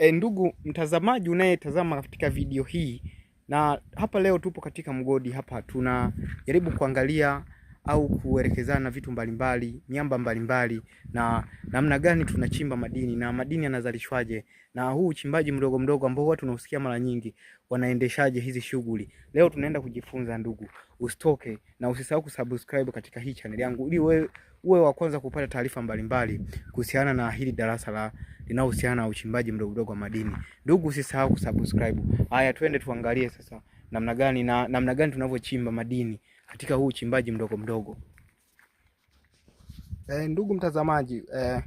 E, ndugu mtazamaji unayetazama katika video hii, na hapa leo tupo katika mgodi hapa, tunajaribu kuangalia au kuelekezana vitu mbalimbali, miamba mbalimbali na namna gani tunachimba madini na madini yanazalishwaje, na huu uchimbaji mdogo mdogo ambao watu tunausikia mara nyingi, wanaendeshaje hizi shughuli. Leo tunaenda kujifunza ndugu. Usitoke na usisahau kusubscribe katika hii channel yangu ili wewe uwe wa kwanza kupata taarifa mbalimbali kuhusiana na hili darasa la linalohusiana na uchimbaji mdogo mdogo wa madini. Ndugu, usisahau kusubscribe. Haya, twende tuangalie sasa namna gani na namna gani tunavyochimba madini katika huu uchimbaji mdogo mdogo. E, ndugu mtazamaji e,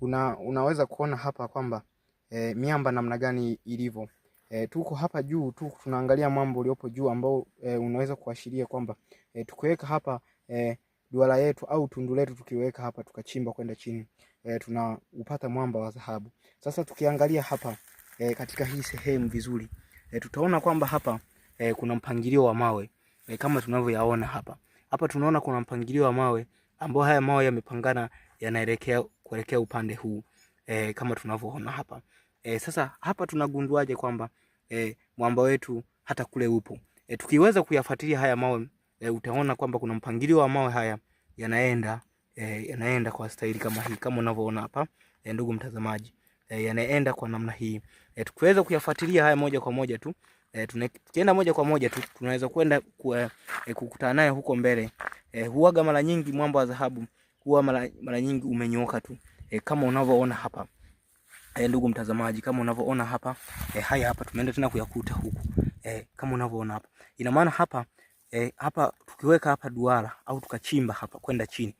una, unaweza kuona hapa kwamba e, miamba namna gani ilivyo. E, tuko hapa juu tu tunaangalia mambo uliopo juu ambao e, unaweza kuashiria kwamba e, tukiweka hapa e, duara yetu au tundu letu tukiweka hapa tukachimba kwenda chini e, tunaupata mwamba wa dhahabu. Sasa tukiangalia hapa e, katika hii sehemu vizuri e, tutaona kwamba hapa e, kuna mpangilio wa mawe e, kama tunavyoyaona hapa. Hapa tunaona kuna mpangilio wa mawe ambao haya mawe yamepangana yanaelekea kuelekea upande huu e, kama tunavyoona hapa. E, sasa hapa tunagunduaje kwamba e, mwamba wetu hata kule upo. E, tukiweza kuyafuatilia haya mawe e, utaona kwamba kuna mpangilio wa mawe haya yanaenda e, yanaenda kwa staili kama hii kama unavyoona hapa e, ndugu mtazamaji e, yanaenda kwa namna hii e, tukiweza kuyafuatilia haya moja kwa moja tu E, tukienda moja kwa moja tu tunaweza kwenda e, kukutana naye huko mbele. E, huaga mara nyingi mwamba wa dhahabu huwa mara, mara nyingi umenyooka tu e, kama unavyoona hapa e, ndugu mtazamaji, kama unavyoona hapa e, haya hapa tumeenda tena kuyakuta huku e, kama unavyoona hapa, ina maana hapa e, hapa tukiweka hapa duara au tukachimba hapa kwenda chini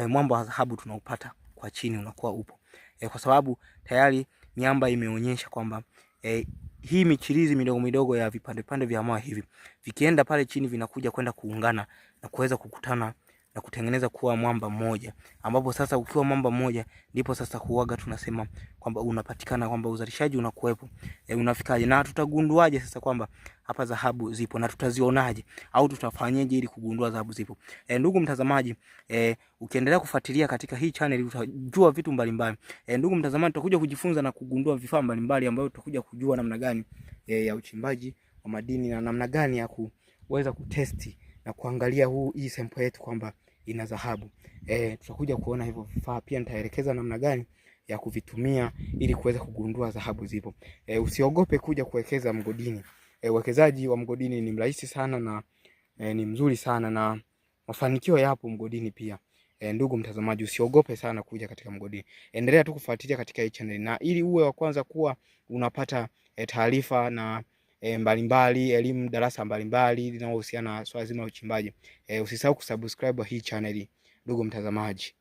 e, mwamba wa dhahabu tunaupata kwa chini unakuwa upo e, kwa sababu tayari miamba imeonyesha kwamba e, hii michirizi midogo midogo ya vipande pande vya mawe hivi vikienda pale chini vinakuja kwenda kuungana na kuweza kukutana na kutengeneza kuwa mwamba mmoja, ambapo sasa ukiwa mwamba mmoja ndipo sasa huaga tunasema kwamba unapatikana kwamba uzalishaji unakuwepo. E, unafikaje na tutagunduaje sasa kwamba hapa dhahabu zipo na tutazionaje au tutafanyaje ili kugundua dhahabu zipo? E, ndugu mtazamaji, e, ukiendelea kufuatilia katika hii channel utajua vitu mbalimbali. E, ndugu mtazamaji, tutakuja kujifunza na kugundua vifaa mbalimbali ambavyo tutakuja kujua namna gani e, ya uchimbaji wa madini na namna gani ya kuweza kutesti na kuangalia huu hii sample yetu kwamba ina dhahabu. E, tutakuja kuona hivyo vifaa pia, nitaelekeza namna gani ya kuvitumia ili kuweza kugundua dhahabu zipo. E, usiogope kuja kuwekeza mgodini. E, uwekezaji wa mgodini ni mrahisi sana na e, ni mzuri sana na mafanikio yapo mgodini pia. E, ndugu mtazamaji usiogope sana kuja katika mgodini. Endelea tu kufuatilia katika hii channel na ili uwe wa kwanza kuwa unapata e, taarifa na e, mbalimbali elimu darasa mbalimbali linalohusiana na swala zima la uchimbaji. E, usisahau kusubscribe hii channel ndugu mtazamaji.